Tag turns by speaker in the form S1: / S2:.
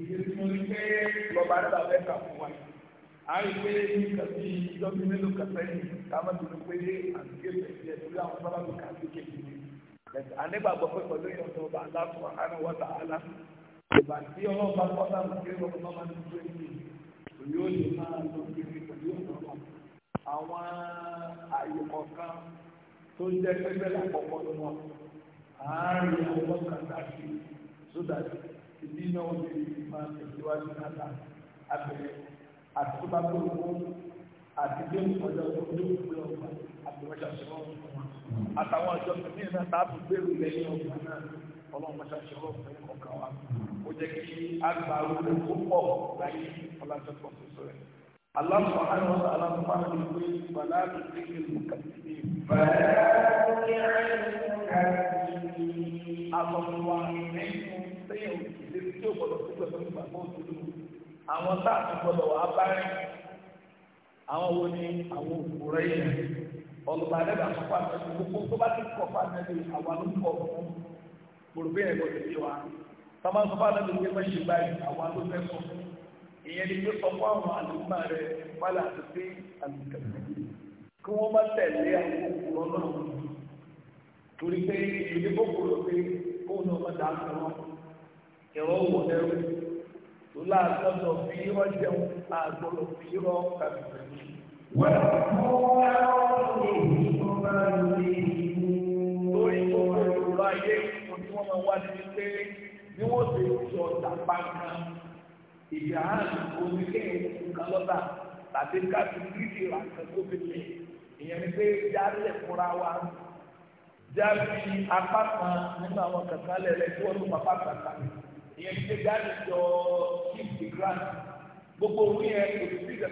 S1: ìṣèlú mo ní pé lọ́ba ta lẹ́tà fún wa a rí pé nígbà tí ìjọba mélòó kẹfẹ́ yìí táwọn tó ló pé àtúnṣe ìṣẹ̀lẹ̀ tó lé àwọn sábà tó kà sí kékeré ànígbàgbọ́ pé pẹ̀lú ìyọ̀tọ̀ ọba aláṣọ àánú wọ́tà alá ìgbà tí ọlọ́ọ̀bá pọ́tà ló kéré ọkọ̀ máa ń tó èyí yóò lè máa lọ kiri pẹ̀lú ọ̀nà àwọn àyè kọ̀ọ̀kan tó ń jẹ́ pẹ́pẹ́ lápapọ̀ lọ́wọ́ àárín àwọn kan ìdí náà ó lè fi máa tẹ̀síwájú náà abẹ́rẹ́ àti tó bá tó kó àti bí ọjọ́ tó ní òkú ọgbà àti wọ́n ṣàṣọwọ́ fún wa àtàwọn ọjọ́ tó ní ìlànà táàbù gbèrú lẹ́yìn ọgbà náà ọlọ́run ṣàṣọwọ́ fún ọkàn wa ó jẹ́ kí agbára rẹ̀ kó pọ̀ láyé ọlọ́sọ̀tọ̀ sọ̀sọ̀ rẹ̀. aláǹfààní aláǹfààní pé bàlá àtọ̀tọ̀wà nínú sẹ́yìn ìlérí tí ó gbọdọ̀ tó pẹ̀lú ìgbàgbọ́ òdodo àwọn tá a ti gbọdọ̀ wà á bá rìn àwọn wo ni àwọn òkúrẹ́ yẹn ọ̀gbà rẹ̀ bá kọ́ àtẹ̀lẹ́ gbogbo tó bá ti kọ́ fàtẹ́lẹ́ àwọn alóńkọ̀ fún gbòròbí ẹ̀ lọ́dẹ̀ yé wa tọ́mọ sọ fún alóńkọ̀ yẹn mẹ́sì báyìí àwọn alóńkọ̀ fún ìyẹn ni pé sọ fún àwọn àlùmá rẹ̀ wálé àti pé àlùkẹ́ kí wọ́n má tẹ̀lé àwọn òkúrọ̀ náà torí pé ibi gbogbo ló pé kóun náà má dàá fún wọn ẹ̀rọ wọ̀ ẹ̀rọ tó láàgbọ́dọ̀ fi irọ́ jẹun àgbọ̀dọ̀ fi irọ́ kàbí pẹ̀lú. wọ́n mú àwọn èyí tó bá lórí lórí tó bá lórí ayé wọn tí wọ́n máa wá ní pé bí wọ́n ṣe sọ tàpá kan ìyá omi kéèyàn kan lọ́ba tàbí ká fi bíríkì ra tó fi lè ìyẹn ni pé yálẹ̀ fúnra wa jáfi apá kan nínú àwọn kankan lẹ́lẹ́ tí wọ́n lù papá kankan ìyẹn ti gbé gáàdì jọ ṣíìtì grant gbogbo owó yẹn kò sí ìgbà